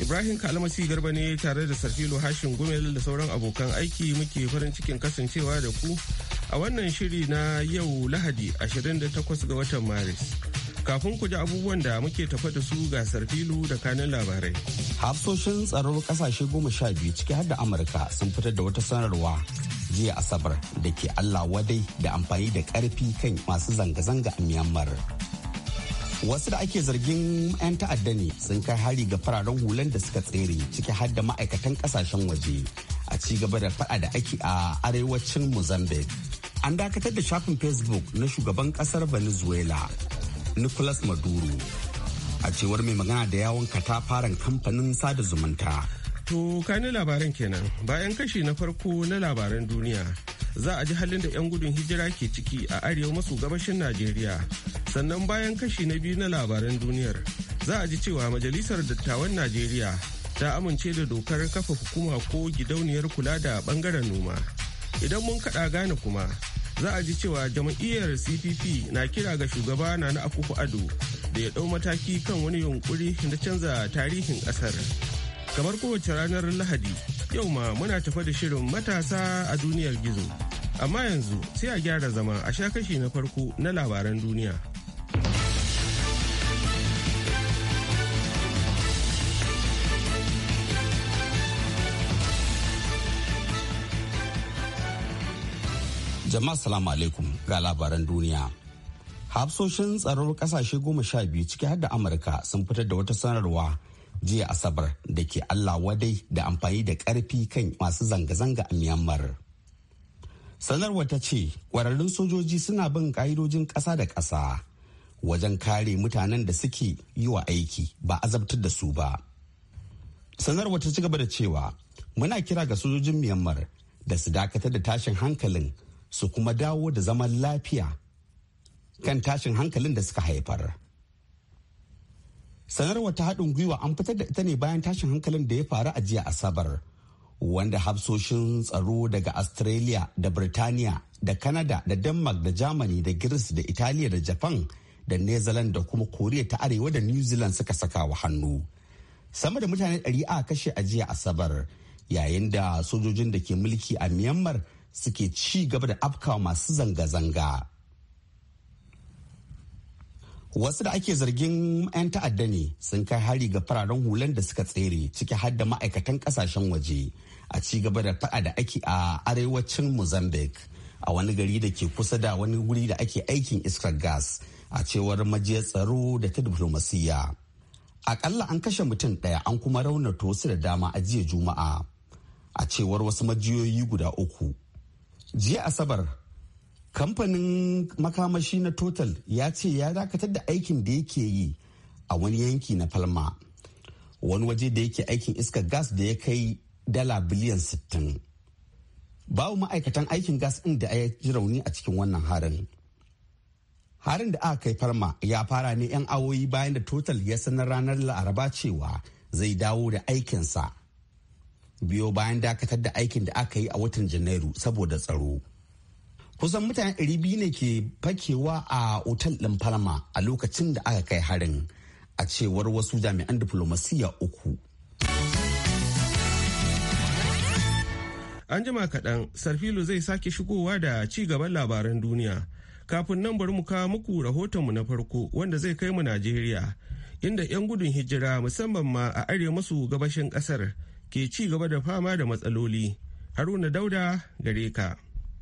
Ibrahim Kalmasi Garba ne tare da Sarfilo Hashin Gumel da sauran abokan aiki muke farin cikin kasancewa da ku a wannan shiri na yau Lahadi 28 ga watan Maris. Kafin ku ji abubuwan da muke tafa da su ga Sarfilo da kanin labarai. Hafsoshin tsaron kasashe goma sha biyu ciki har da Amurka sun fitar da wata sanarwa jiya Asabar da ke Allah wadai da amfani da karfi kan masu zanga-zanga a Myanmar. wasu da ake zargin 'yan ta'adda ne sun kai hari ga fararen hulan da suka tsere ciki har da ma'aikatan kasashen waje a ci gaba da fada da ake a arewacin mozambique an dakatar da shafin facebook na shugaban kasar venezuela nicolas maduro a cewar mai magana da yawon katafaren kamfanin sada zumunta to kani labaran kenan bayan kashi na farko na labaran duniya za a ji halin da 'yan gudun hijira ke ciki a arewa maso gabashin najeriya sannan bayan kashi na biyu na labaran duniyar za a ji cewa majalisar dattawan najeriya ta amince da dokar kafa hukuma ko gidauniyar kula da bangaren noma idan mun kaɗa gane kuma za a ji cewa jam'iyyar cpp na kira ga shugaba na na akufu ado da ya ɗau mataki kan wani yunkuri na canza tarihin ƙasar Kamar kowace ranar Lahadi, yau ma muna tafa da shirin matasa a duniyar gizo. Amma yanzu sai a gyara zama a sha kashi na farko na labaran duniya. Jama'a salamu alaikum ga labaran duniya. Hafsoshin tsaron kasashe goma sha biyu ciki har da Amurka sun fitar da wata sanarwa jiya asabar da ke allah wadai da amfani da ƙarfi kan masu zanga-zanga a myanmar sanarwar ta ce ƙwararrun sojoji suna bin ƙa'idojin ƙasa da ƙasa wajen kare mutanen da suke yi wa aiki ba azabtar da su ba sanarwar ta ci gaba da cewa muna kira ga sojojin myanmar da su dakatar da tashin hankalin su kuma dawo da zaman lafiya kan tashin hankalin da suka haifar sanarwar ta haɗin gwiwa an fitar da ita ne bayan tashin hankalin da ya faru a jiya asabar wanda hafsoshin tsaro daga australia da birtaniya da canada da denmark da germany da greece da italiya da japan da netherlands da kuma koriya ta arewa da new zealand suka saka wa hannu sama da mutane ɗari a kashe a jiya asabar yayin da sojojin da ke mulki a myanmar suke ci gaba da afkawa masu zanga-zanga wasu da ake zargin 'yan ta'adda ne sun kai hari ga fararen hulan da suka tsere ciki har da ma'aikatan kasashen waje a ci gaba da fada da ake a arewacin mozambique a wani gari da ke kusa da wani wuri da ake aikin iskar gas a cewar majiyar tsaro da ta diflomasiyya akalla an kashe mutum ɗaya an kuma raunata wasu da dama a jiya juma'a a cewar wasu majiyoyi guda uku jiya asabar kamfanin makamashi na total ya ce ya dakatar da aikin da yake yi a wani yanki na palma wani waje da yake aikin iskar gas da ya kai dala biliyan 60 babu ma'aikatan aikin gas ɗin da ya ji rauni a cikin wannan harin harin da aka kai palma ya fara ne 'yan awoyi bayan da total ya sanar ranar laraba cewa zai dawo da aikinsa biyo bayan dakatar da aikin da aka yi a watan janairu saboda tsaro kusan mutane ɗari biyu ne ke fakewa a otal ɗin palma a lokacin da aka kai harin a cewar wasu jami'an diflomasiyya uku an jima kaɗan sarfilo zai sake shigowa da ci gaban labaran duniya kafin nan bari mu kawo muku rahotonmu na farko wanda zai kai mu najeriya inda 'yan gudun hijira musamman ma a arewa masu gabashin ƙasar ke ci gaba da fama da matsaloli haruna dauda gare ka.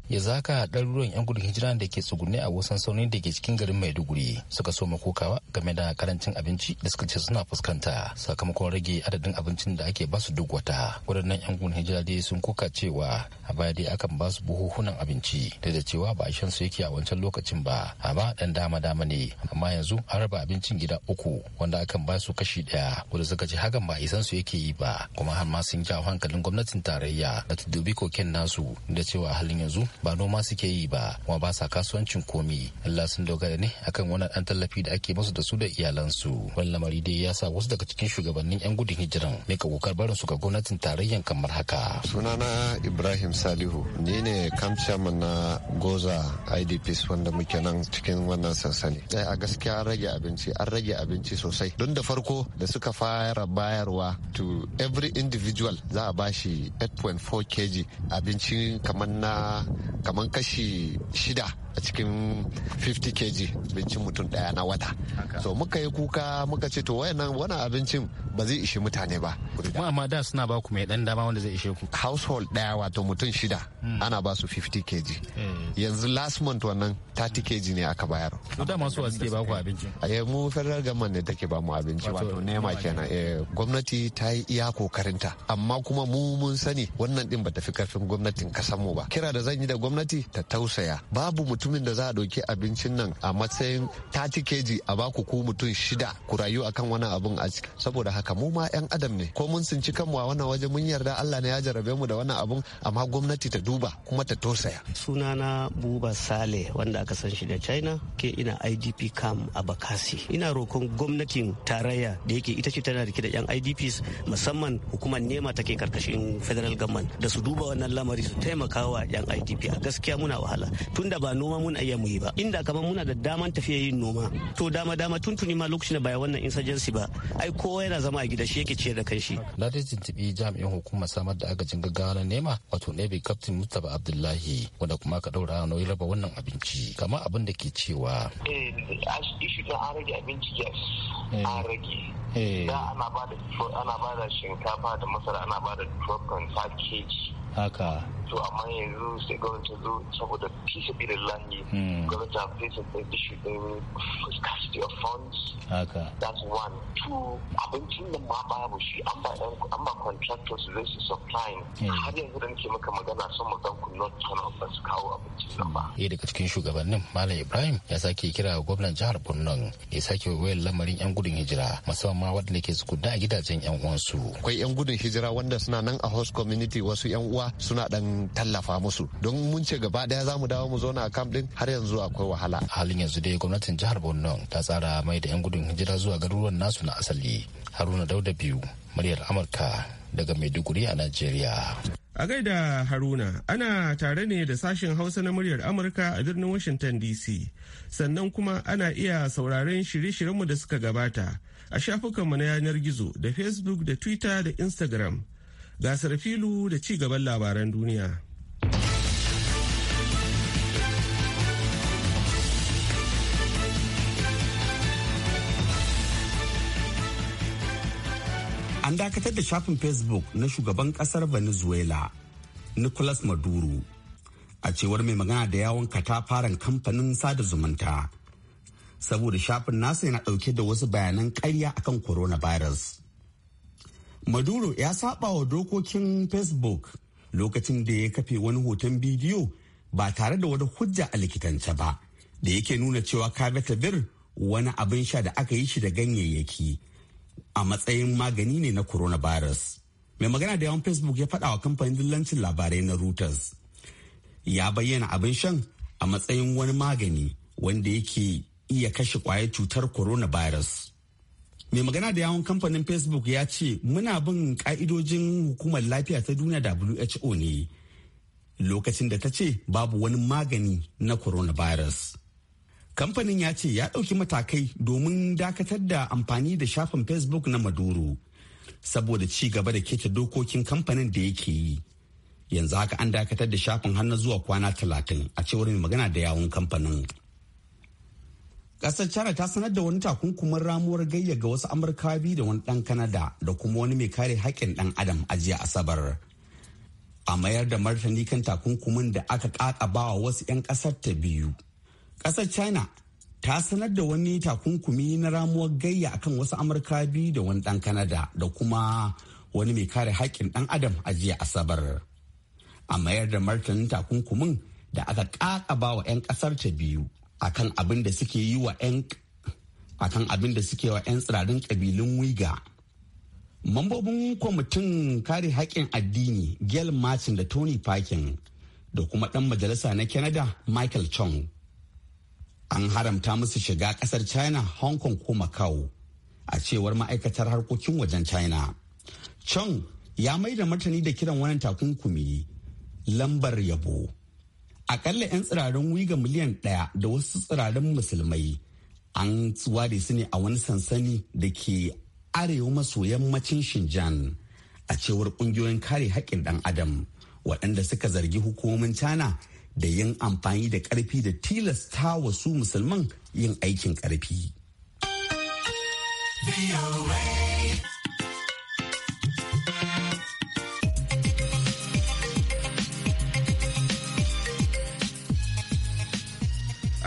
ya zaka ɗaruruwan 'yan gudun hijira da ke tsugunne a wasan sauni da ke cikin garin maiduguri suka so kokawa game da karancin abinci da suka ce suna fuskanta sakamakon rage adadin abincin da ake basu duk wata waɗannan 'yan gudun hijira dai sun koka cewa a baya dai akan basu buhuhunan abinci da da cewa ba a shan su yake a wancan lokacin ba amma dan dama dama ne amma yanzu an raba abincin gida uku wanda akan basu kashi ɗaya wanda suka ce hakan ba isan su yake yi ba kuma har ma sun jawo hankalin gwamnatin tarayya da ta dubi koken nasu da cewa halin yanzu ba noma suke yi ba kuma ba sa kasuwancin komi Allah sun dogara ne akan wannan dan tallafi da ake musu da su da iyalansu wani lamari dai ya sa wasu daga cikin shugabannin yan gudun hijiran ne ka kokar barin su ga gwamnatin tarayyan kamar haka sunana Ibrahim Salihu ni ne chairman na Goza IDPs wanda muke nan cikin wannan sansani eh, a gaskiya an rage abinci an rage abinci sosai don da farko da suka fara bayarwa to every individual za a bashi 8.4 kg abinci kamar na kamar kashi shida a cikin 50 kg abincin mutum daya na wata so muka yi kuka muka ce to wani abincin ba zai ishe mutane ba. Kuma amma da suna ba ku mai dan dama wanda zai ishe ku. Household daya wato mutum shida hmm. ana ba su 50 kg. Eh. Yanzu last month wannan 30 kg ne aka bayar. To da masu wasu ke ba ku abinci. Eh mu federal government ne take ba mu abinci wato nema kenan. Eh, gwamnati ta yi iya kokarinta amma kuma mu mun sani wannan din ba ta fi karfin gwamnatin kasan mu ba. Kira da zan yi da gwamnati ta tausaya. Babu mutumin da za a dauki abincin nan a matsayin 30 kg a baku ku mutum shida ku rayu akan wani abun a saboda haka haka mu ma 'yan adam ne ko mun sinci kanmu a wannan waje mun yarda Allah ne ya jarabe mu da wannan abun amma gwamnati ta duba kuma ta tosaya. Sunana Buba Sale wanda aka san shi da China ke ina IDP cam a Bakasi. Ina rokon gwamnatin tarayya da yake ita ce tana rike da 'yan IDPs musamman hukumar nema take karkashin federal government da su duba wannan lamari su taimaka wa 'yan IDP a gaskiya muna wahala tunda ba noma mun mu yi ba inda kamar muna da daman tafiya yin noma to dama dama tuntuni ma lokacin da baya wannan insurgency ba ai kowa yana zama a gida shi yake ciyar da kan shi. Na dai tuntuɓi jami'in hukuma samar da agajin gaggawa na nema wato navy captain Mustapha Abdullahi wanda kuma ka ɗaura nauyi raba wannan abinci kama abin da ke cewa. Eh, ishu an rage abinci gas, eh. an rage. Eh. ana ba da shinkafa da masara ana ba da 12.5 kg. haka to amma yanzu sai gwamnati zo saboda peace be lillahi hmm. gwamnati have faced the issue din scarcity of funds haka that's one two abincin nan ma babu shi an ba yan an ba contractors zai su supply hmm. har yanzu da nake maka magana sun mu dan not turn ba su kawo abincin nan ba eh daga cikin shugabannin malam ibrahim ya sake kira gwamnan jihar borno ya sake wayar lamarin yan gudun hijira musamman ma waɗanda ke tsugunta a gidajen yan uwansu akwai yan gudun hijira wanda suna nan a host community wasu yan uwa suna dan tallafa musu don mun ce gaba daya za mu dawo mu zauna a camp din har yanzu akwai wahala halin yanzu dai gwamnatin jihar borno ta tsara mai da yan gudun hijira zuwa garuruwan nasu na asali haruna dauda biyu muryar amurka daga maiduguri a najeriya a gaida haruna ana tare ne da sashen hausa na muryar amurka a birnin washington dc sannan kuma ana iya sauraron shirye-shiryenmu da suka gabata a shafukanmu na yanar gizo da facebook da twitter da instagram Gasar filu da ci gaban labaran duniya. An dakatar da shafin Facebook na shugaban kasar Venezuela, Nicolas Maduro, a cewar mai magana da yawon katafaren kamfanin sada zumunta. Saboda shafin nasa yana ɗauke da wasu bayanan ƙarya akan coronavirus. maduro ya saba wa dokokin facebook lokacin da ya kafe wani hoton bidiyo ba tare da wani hujja a likitance ba da yake nuna cewa bir wani abin sha da aka yi shi da ganyayyaki a matsayin magani ne na coronavirus mai magana da yawan facebook ya faɗa wa kamfanin dillancin labarai na reuters ya bayyana abin shan a matsayin wani magani wanda yake iya kashe kwayar cutar coronavirus mai magana da yawon kamfanin facebook ya ce muna bin ka'idojin hukumar lafiya ta duniya who ne lokacin da ta ce babu wani magani na coronavirus kamfanin ya ce ya ɗauki matakai domin dakatar da amfani da shafin facebook na maduro saboda ci gaba da keta dokokin kamfanin da yake yi yanzu haka an dakatar da shafin har zuwa kwana talatin a cewar mai magana da yawon kamfanin Ƙasar China ta sanar da wani takunkumin ramuwar gayya ga wasu Amurkawa biyu da wani ɗan Kanada da kuma wani mai kare haƙƙin ɗan Adam a jiya Asabar. A mayar da martani kan takunkumin da aka ƙaƙabawa wasu 'yan ƙasar ta biyu. Ƙasar China ta sanar da wani takunkumi na ramuwar gayya akan wasu Amurkawa biyu da wani ɗan Kanada da kuma wani mai kare haƙƙin ɗan Adam a jiya Asabar. A mayar da martanin takunkumin da aka ƙaƙabawa 'yan ƙasar ta biyu. akan abin da suke yi wa 'yan akan abin da suke wa 'yan tsirarin kabilun wiga mambobin kwamitin kare haƙƙin addini gail martin da tony parkin da kuma ɗan majalisa na canada michael chong an haramta musu shiga ƙasar china hong kong ko macau a cewar ma'aikatar harkokin wajen china chong ya mai da martani da kiran wani takunkumi lambar yabo akalla 'yan tsirarin wiga miliyan ɗaya da wasu tsirarin musulmai an ware su ne a wani sansani da ke arewa maso yammacin shinjan a cewar ƙungiyoyin kare haƙƙin ɗan adam waɗanda suka zargi hukumomin cana da yin amfani da ƙarfi da tilasta wasu musulman yin aikin ƙarfi.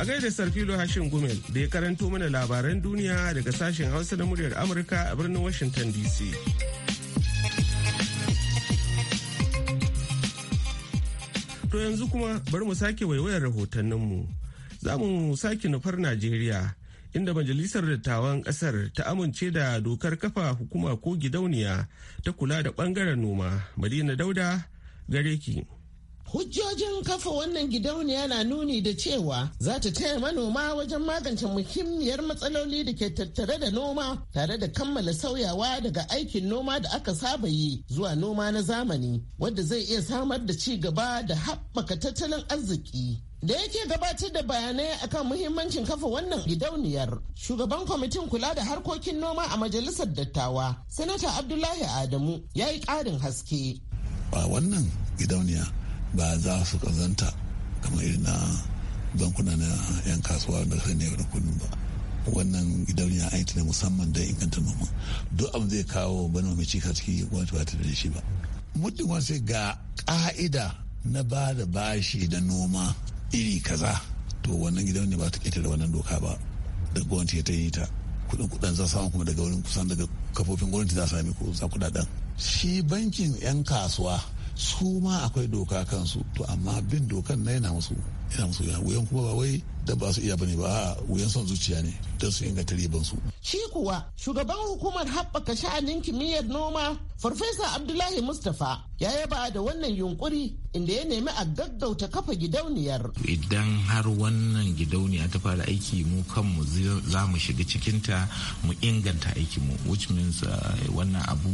A gaida Sarfilo Hashin Gumel da ya karanto mana labaran duniya daga sashen Hausa na muryar Amurka a birnin Washington DC. To yanzu kuma bari mu sake waiwayar rahotanninmu. Za mu sake nufar Najeriya inda Majalisar Dattawan kasar ta amince da dokar kafa hukuma ko gidauniya ta kula da bangaren noma. Madina Dauda gare ki. Hujjojin kafa wannan gidauniya na nuni da cewa za ta taya manoma wajen magance muhimmiyar matsaloli da ke tattare da noma tare da kammala sauyawa daga aikin noma da aka saba yi zuwa noma na zamani wadda zai iya samar da ci gaba da haɓaka tattalin arziki. da yake gabatar da bayanai akan muhimmancin kafa wannan gidauniyar shugaban kwamitin kula da harkokin noma a majalisar dattawa sanata abdullahi adamu ya yi ƙarin haske a wannan gidauniya ba za su kazanta kamar irin na bankuna na 'yan kasuwa da sai ne wani kudin ba wannan gidauniya aiki ne musamman don inganta noma duk abin zai kawo bana mai cika ciki gwamnati ba ta da shi ba muddin wasu ga ka'ida na ba da bashi da noma iri kaza to wannan gidauniya ba ta ketare wannan doka ba da gwamnati ta yi ta kudin kudin za samu kuma daga wurin kusan daga kafofin gwamnati za sami ko za kudaden shi bankin yan kasuwa su ma akwai doka kansu to amma bin dokan na yana musu yana musu wuya wuyan kuma ba wai da ba su iya bane ba a wuyan son zuciya ne don su inganta riban su. Shi kuwa shugaban hukumar haɓaka sha'anin kimiyyar noma Farfesa Abdullahi mustafa ya yaba da wannan yunkuri inda ya nemi a gaggauta kafa gidauniyar. Idan har wannan gidauniya ta fara aiki mu kanmu za mu shiga cikinta mu inganta aikinmu which means uh, wannan abu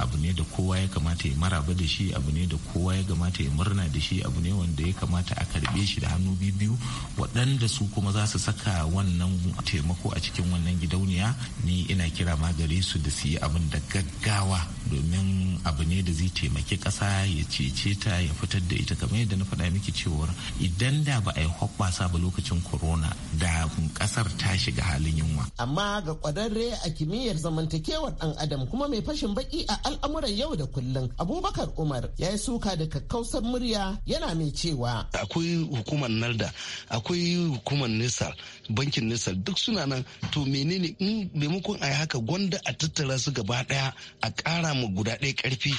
abu ne da kowa ya kamata ya maraba da shi abu ne da kowa ya kamata ya murna da shi abu ne wanda ya kamata a karbe shi da hannu biyu waɗanda su kuma za su saka wannan taimako a cikin wannan gidauniya ni ina kira ma gare su da su yi abin da gaggawa domin abu ne da zai taimaki ƙasa ya cece ta ya fitar da ita kamar yadda na faɗa miki cewar idan da ba a yi hoɓɓasa ba lokacin korona da ƙasar ta shiga halin yunwa. Amma ga ƙwararre a kimiyyar zamantakewar ɗan adam kuma mai fashin baki a al'amuran yau da kullum Abubakar Umar ya yi suka da kakkausar murya yana mai cewa. Akwai hukumar nalda akwai hukumar nisal bankin nisal duk suna nan to menene in maimakon a yi haka gwanda a tattara su gaba daya a kara ma guda ɗaya karfi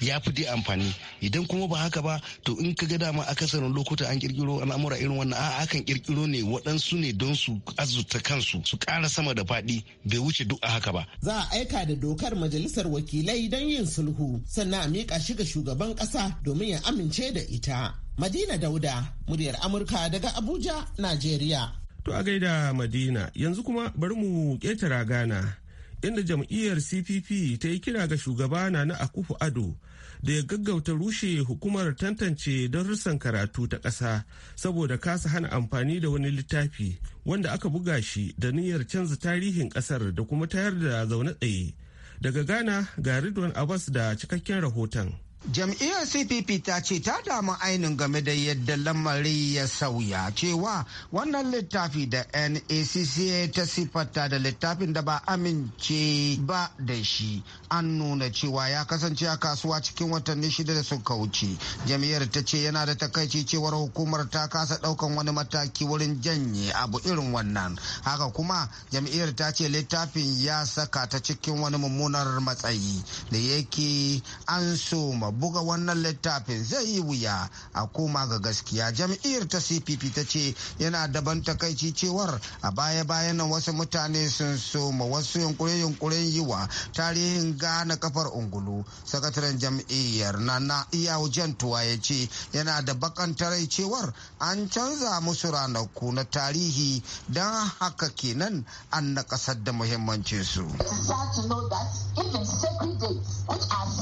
ya fi dai amfani idan kuma ba haka ba to in ka ga dama akasarin lokuta an kirkiro al'amura irin wannan a'a akan kirkiro ne waɗansu ne don su azurta kansu su kara sama da faɗi bai wuce duk a haka ba za a aika da dokar majalisar wakilai don yin sulhu sannan a miƙa shi ga shugaban ƙasa domin ya amince da ita Madina Dauda, muryar Amurka daga Abuja, Najeriya. To a gaida Madina, yanzu kuma bari mu ƙetara Ghana, inda jam'iyyar CPP ta yi kira ga shugaba na na Akufu Ado da ya gaggauta rushe hukumar tantance darussan karatu ta ƙasa saboda kasa hana amfani da wani littafi wanda aka buga shi da niyyar canza tarihin ƙasar da kuma tayar da zaune tsaye. Daga Ghana ga Ridwan Abbas da cikakken rahoton. Jam'iyyar CPP ta ce ta damu ainihin game da yadda lamari ya sauya cewa wannan littafi da NACC ta siffata da littafin da ba amince ba da shi an nuna cewa ya kasance a kasuwa cikin watanni shida da suka wuce. Jam'iyyar ta ce yana da takaici cewar hukumar ta kasa daukan wani mataki wurin janye abu irin wannan. Haka kuma jam'iyyar ta ce littafin ya saka ta cikin wani mummunar matsayi da yake an so kuma buga wannan littafin zai yi wuya a koma ga gaskiya jam'iyyar ta cpp ta ce yana daban takaici cewar a baya-bayan wasu mutane sun soma wasu yunkure-yunkuren yi wa tarihin gane kafar ungulu sakataren jam'iyyar na na iyawu jantuwa ya ce yana da bakan tarai cewar an canza musu ranaku na tarihi don haka kenan an na kasar da muhimmancinsu.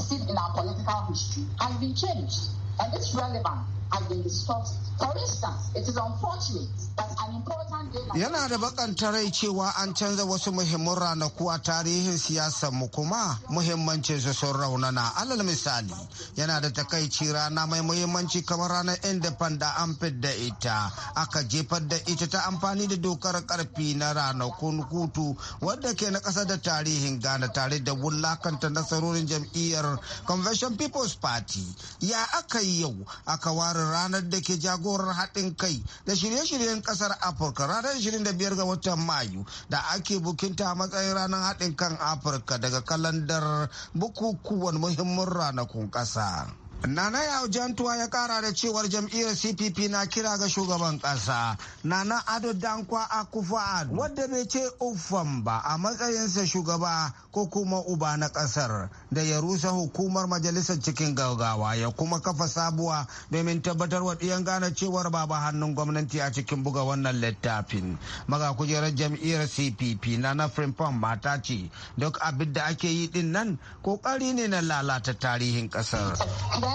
It's has been changed, and it's relevant. Yana da bakanta rai cewa an canza wasu muhimman ranaku a tarihin siyasar mu kuma muhimmancin su sun raunana. Alal misali, yana da takaici rana mai muhimmanci kamar ranar da an fidda ita, aka jefar da ita ta amfani da dokar karfi na ranakun hutu wadda ke na kasa da tarihin Ghana tare da wulakanta nasarorin jam'iyyar Convention People's Party. Ya aka yi yau aka ware ranar da ke jagorar haɗin kai da shirye-shiryen ƙasar afirka ranar 25 ga watan mayu da ake bukinta matsayin ranar haɗin kan afirka daga kalandar bukukuwan muhimmin ranakun ƙasa. Nana Yau Jantuwa ya kara da cewar jam'iyyar CPP na kira ga shugaban ƙasa Nana Ado Dankwa akufo ado wadda bai ce uffan ba a matsayinsa shugaba ko kuma uba na ƙasar da ya rusa hukumar majalisar cikin gaggawa ya kuma kafa sabuwa domin tabbatar wa ɗiyan gane cewar ba hannun gwamnati a cikin buga wannan littafin. Maga kujerar jam'iyyar CPP Nana ba mata ce duk abin da ake yi din nan kokari ne na lalata tarihin ƙasar.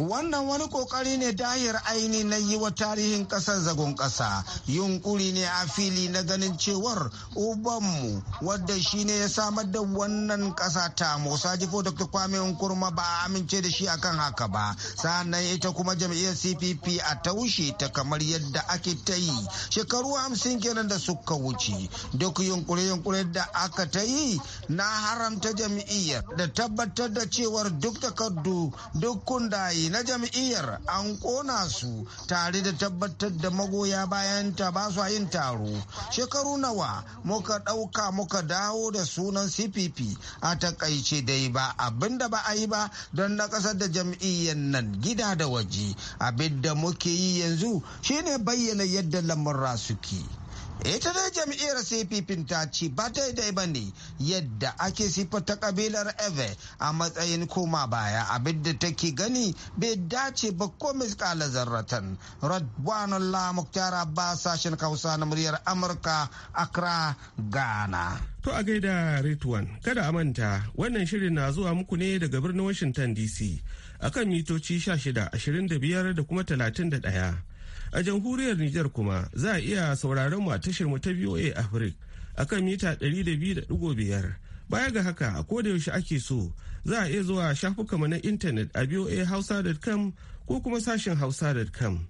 Wannan wani kokari ne dahir aini na yi wa tarihin kasar zagon kasa yunkuri ne a fili na ganin cewar ubanmu wadda shi ne ya samar da wannan kasa ta Musa Jifo Dr. Kwame Nkrumah ba a amince da shi akan haka ba sannan ita kuma jam'iyyar CPP a taushe ta kamar yadda ake ta yi shekaru hamsin kenan da suka wuce duk yunkure-yunkure da aka ta yi na haramta jam'iyyar jam'iyyar da tabbatar da cewar duk takardu duk kundayi na jam'iyyar an kona su tare da tabbatar da magoya bayan ta ba su yin taro shekaru nawa muka ɗauka muka dawo da sunan cpp a takaice dai ba abin da ba a yi ba don na ƙasar da jam'iyyar nan gida da waje abin da muke yi yanzu shine bayyana yadda lamurra suke ita dai jam'iyyar cpp ta ce ba daidai ba ne yadda ake ta kabilar eve a matsayin koma baya abinda take gani bai dace ba ko miskala zarratan la muktar ba sashen kausa na muryar amurka accra ghana to a gaida ritwan kada a manta wannan shirin na zuwa muku ne daga birnin washington dc akan mitoci 16 25 da kuma 31 A jamhuriyar Nijar kuma za a iya sauraron mu a tashar mu ta VOA Africa akan mita 200.5. Baya ga haka a koda yaushe ake so za a iya zuwa mu na intanet a voahausa.com ko kuma sashen hausa.com.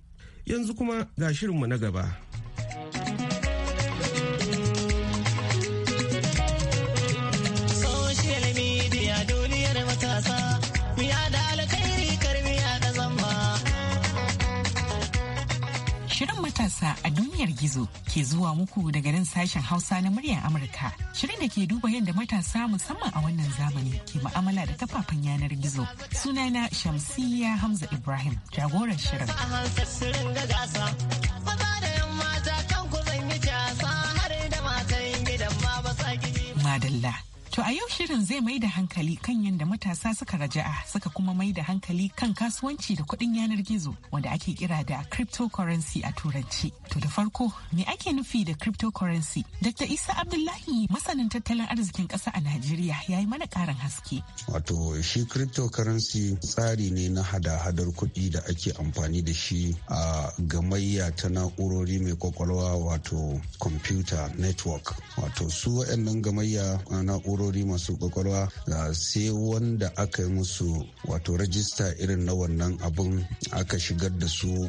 Yanzu kuma ga shirinmu na gaba. siyasa a duniyar gizo ke zuwa muku daga nan sashen Hausa na muryar Amurka. Shirin da ke duba yadda matasa musamman a wannan zamani ke ma'amala da kafafen yanar gizo. Sunana Shamsiyya Hamza Ibrahim, jagoran shirin. Madalla. To a yau shirin zai mai da hankali kan yadda matasa suka raja'a suka kuma mai da hankali kan kasuwanci da kuɗin yanar gizo wanda ake kira da cryptocurrency a turanci. To da farko me ake nufi da cryptocurrency? Dr. Isa Abdullahi masanin tattalin arzikin ƙasa a Najeriya ya yi mana ƙarin haske. Wato shi cryptocurrency tsari ne na hada-hadar kuɗi da ake amfani da shi a gamayya ta na'urori mai kwakwalwa wato computer network. Wato su waɗannan gamayya na'urori na'urori masu kwakwalwa sai wanda aka yi musu wato rajista irin na wannan abun aka shigar da su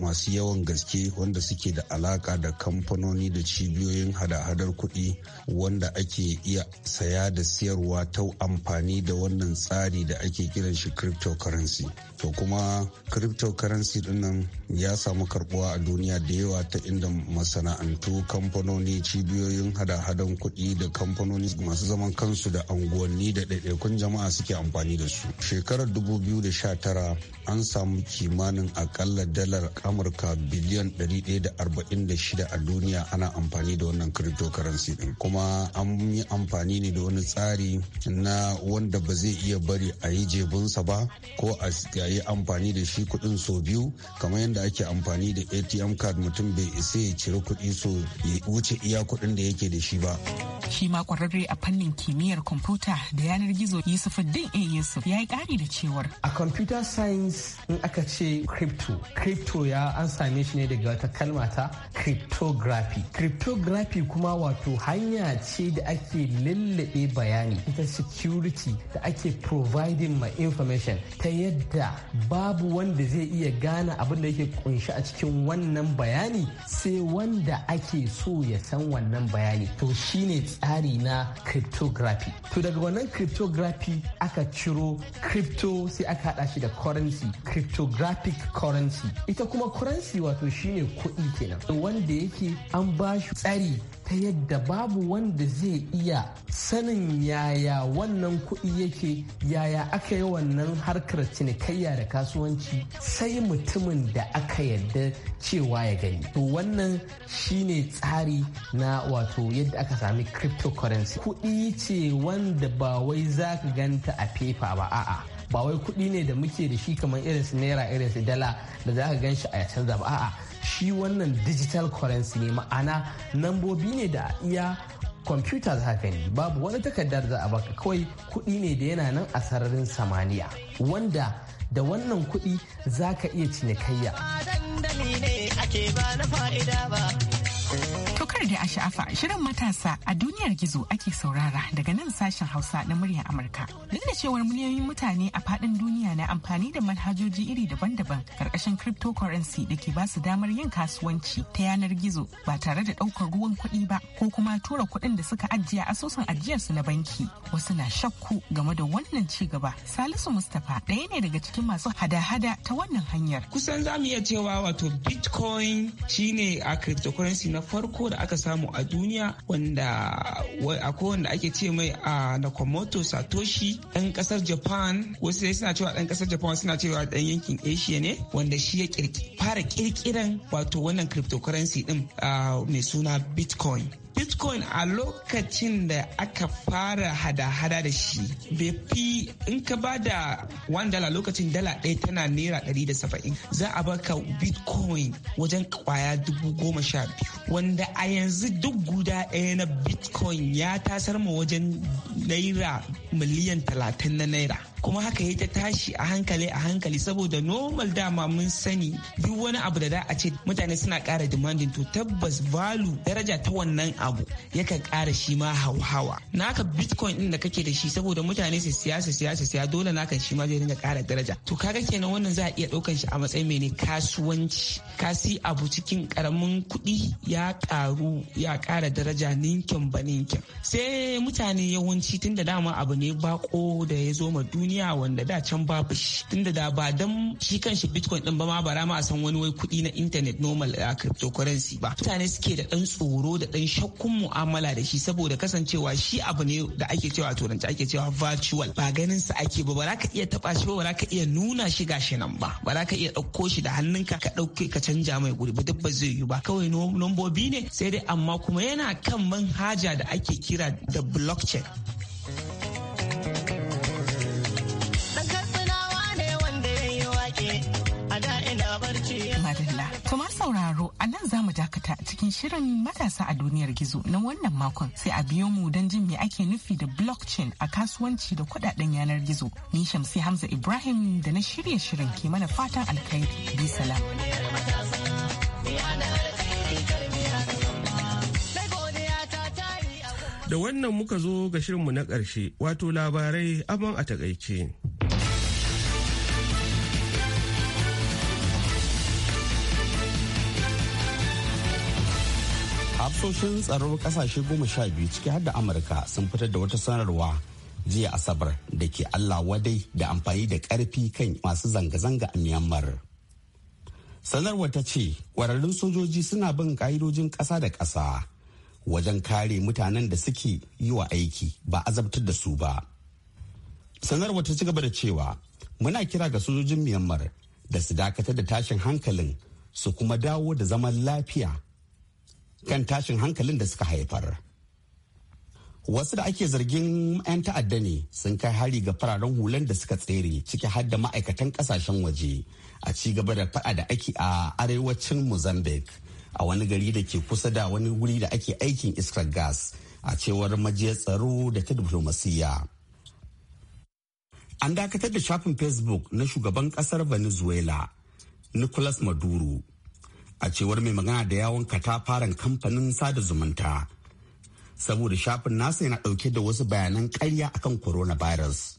masu yawan gaske wanda suke da alaka da kamfanoni da cibiyoyin hada-hadar kuɗi wanda ake iya saya da siyarwa ta amfani da wannan tsari da ake kiran shi cryptocurrency to kuma cryptocurrency din nan ya samu karbuwa a duniya da yawa ta inda masana'antu kamfanoni cibiyoyin hada-hadan kuɗi da kamfanoni masu zaman kansu da unguwanni da ɗaiɗaikun jama'a suke amfani da su shekarar 2019 an samu kimanin akalla dalar amurka biliyan 146 a duniya ana amfani da wannan cryptocurrency din kuma an yi amfani ne da wani tsari na wanda ba zai iya bari a yi jebunsa ba ko a yi yi amfani da shi kuɗin sau biyu kamar yadda ake amfani da atm card mutum bai isa ya cire kuɗi so ya wuce iya kuɗin da yake da shi ba shi ma kwararre a fannin kimiyyar kwamfuta da yanar gizo din a yusuf ya yi kari da cewar a computer science in aka ce crypto crypto ya an same shi ne daga wata kalmata ta cryptography cryptography kuma wato hanya ce da ake lallabe bayani ita security da ake providing ma information ta yadda babu wanda zai iya gane abin da yake kunshi a cikin wannan bayani sai wanda ake so ya san wannan bayani to shine tsari na cryptography to daga wannan cryptography aka ciro crypto sai aka hada shi da currency cryptographic currency ita kuma currency wato shine kuɗi kenan wanda yake an ba shi tsari ta yadda babu wanda zai iya sanin yaya wannan kuɗi yake yaya aka yi wannan harkar cinikayya cinikayya da kasuwanci sai mutumin da aka yarda cewa ya gani to wannan shine tsari na wato yadda aka sami cryptocurrency kuɗi ce wanda ba wai za ka ganta a fefa ba a'a ba wai kuɗi ne da muke da shi kamar irin su naira irin su dala da za ka ganshi a canza ba a'a shi wannan digital currency ne ma'ana nambobi ne da iya kwamfuta za ka ne babu wani takardar za a baka kawai kuɗi ne da yana nan a sararin samaniya wanda da wannan kuɗi za ka iya cinikayya. Dandali ne ake ba na fa'ida ba. To da a sha'afa shirin matasa a duniyar gizo ake saurara daga nan sashen Hausa na muryar Amurka. Duk da cewar miliyoyin mutane a fadin duniya na amfani da manhajoji iri daban-daban karkashin cryptocurrency da ke basu damar yin kasuwanci ta yanar gizo ba tare da ɗaukar ruwan kuɗi ba ko kuma tura kuɗin da suka ajiye asusun ajiyarsu na banki. Wasu na shakku game da wannan ci gaba. Salisu Mustapha ɗaya ne daga cikin masu hada-hada ta wannan hanyar. Kusan za mu iya cewa wato Bitcoin shine a cryptocurrency na farko da da aka samu a duniya wanda akwai wanda ake ce mai a nakamoto satoshi ɗan ƙasar japan wasu dai suna cewa ɗan ƙasar japan suna cewa ɗan yankin asia ne wanda shi ya fara ƙirƙiran wato wannan cryptocurrency ɗin mai suna bitcoin bitcoin a lokacin da aka fara hada-hada da shi bai fi in ka ba da one dala lokacin dala ɗaya tana naira ɗari da saba'in za a baka bitcoin wajen kwaya dubu goma sha biyu wanda a yanzu duk guda ɗaya na bitcoin ya tasar ma wajen naira miliyan talatin na naira kuma haka ya ta tashi a hankali a hankali saboda normal dama mun sani duk wani abu da za a ce mutane suna kara demanding to tabbas value daraja ta wannan abu yakan kara shi ma hauhawa naka bitcoin din da kake da shi saboda mutane su siya su siya su siya dole naka shi ma zai dinga kara daraja to kaga kenan wannan za a iya ɗaukan shi a matsayin mene kasuwanci kasi abu cikin karamin kuɗi ya karu ya kara daraja ninkin ba ninkin sai mutane yawanci tun da dama abu ne bako da ya zo ma duniya duniya wanda da can babu shi tunda da ba dan shi kanshi bitcoin din ba ma bara ma a san wani wai kuɗi na internet normal a cryptocurrency ba mutane suke da dan tsoro da dan shakkun mu'amala da shi saboda kasancewa shi abu ne da ake cewa turanci ake cewa virtual ba ganin sa ake ba ba ka iya taba shi ba ba ka iya nuna shi gashi nan ba ba ka iya ɗauko shi da hannunka ka ɗauke ka canja mai guri ba duk ba zai yi ba kawai nombobi ne sai dai amma kuma yana kan manhaja da ake kira da blockchain sauraro a nan za mu dakata cikin shirin matasa a duniyar gizo na wannan makon sai a biyo mu don jin me ake nufi da blockchain a kasuwanci da kudaden yanar gizo. Ni Shamsi Hamza Ibrahim da na shirya shirin ke mana fatan alkhairi. Bi salam. Da wannan muka zo ga shirinmu na ƙarshe wato labarai abin a takaice. hafsoshin tsaro kasashe goma sha biyu ciki har da amurka sun fitar da wata sanarwa jiya asabar da ke allah wadai da amfani da karfi kan masu zanga-zanga a myanmar sanarwar ta ce kwararrun sojoji suna bin ka'idojin ƙasa da ƙasa wajen kare mutanen da suke yi wa aiki ba azabtar da su ba sanarwar ta ci gaba da cewa muna kira ga sojojin myanmar da su dakatar da tashin hankalin su kuma dawo da zaman lafiya kan tashin hankalin da suka haifar. Wasu da ake zargin 'yan ta'adda ne sun kai hari ga fararen hulan da suka tsere ciki har da ma'aikatan kasashen waje a ci gaba da fada da ake a arewacin Mozambique a wani gari da ke kusa da wani wuri da ake aikin iskar gas a cewar majiyar tsaro da ta diplomasiyya. An dakatar da shafin Facebook na shugaban kasar Venezuela, Nicolas Maduro. a cewar mai magana da yawon katafaren kamfanin sada zumunta saboda shafin nasa yana dauke da wasu bayanan karya akan coronavirus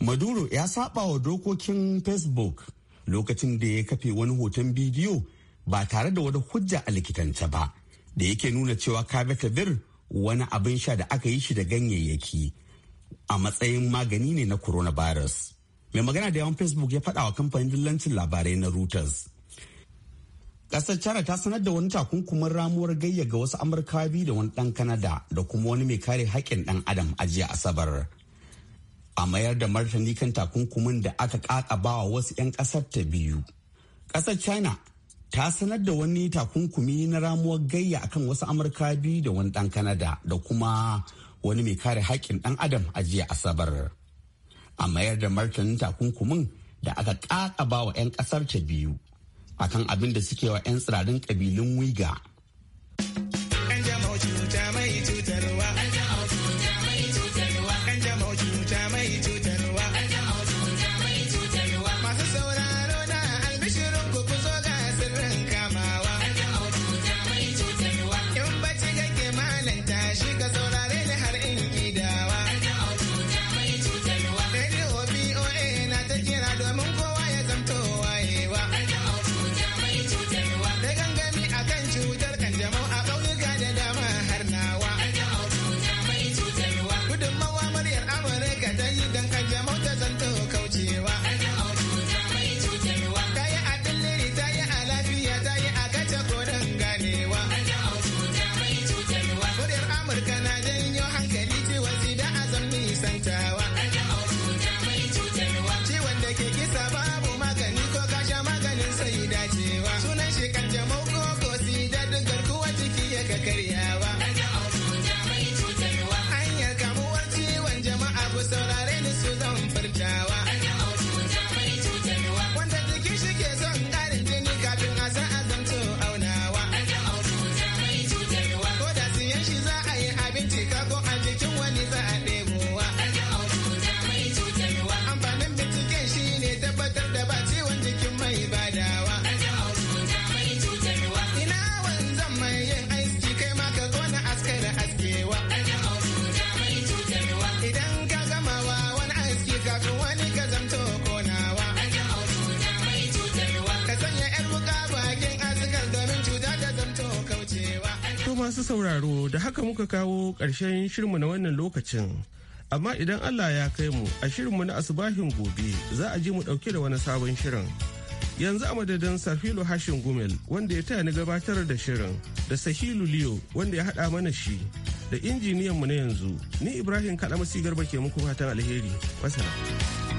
maduro ya saba wa dokokin facebook lokacin da ya kafe wani hoton bidiyo ba tare da wani hujja a likitance ba da yake nuna cewa kabetabir wani abin sha da aka yi shi da ganyayyaki a matsayin magani ne na coronavirus mai magana da yawon facebook ya faɗa wa kamfanin dillancin labarai na reuters Ƙasar China ta sanar da wani takunkumin ramuwar gayya ga wasu Amurkawa biyu da wani ɗan Kanada da kuma wani mai kare haƙƙin ɗan Adam a jiya Asabar. A mayar da martani kan takunkumin da aka ƙaƙabawa wasu 'yan ƙasar ta biyu. Ƙasar China ta sanar da wani takunkumi na ramuwar gayya akan wasu Amurkawa biyu da wani ɗan Kanada da kuma wani mai kare haƙƙin ɗan Adam a jiya Asabar. A mayar da martanin takunkumin da aka ƙaƙabawa 'yan ƙasar ta biyu. akan abin da suke wa 'yan tsirarin kabilun wiga To masu sauraro da haka muka kawo ƙarshen shirmu na wannan lokacin. Amma idan Allah ya kai mu a shirinmu na asubahin gobe za a ji mu ɗauke da wani sabon shirin. Yanzu a madadin Sarfilo Hashin Gumel wanda ya taya ni gabatar da shirin da Sahilu Liyo wanda ya haɗa mana shi da injiniyan mu na yanzu ni Ibrahim masigar Garba ke muku fatan alheri. Wasala.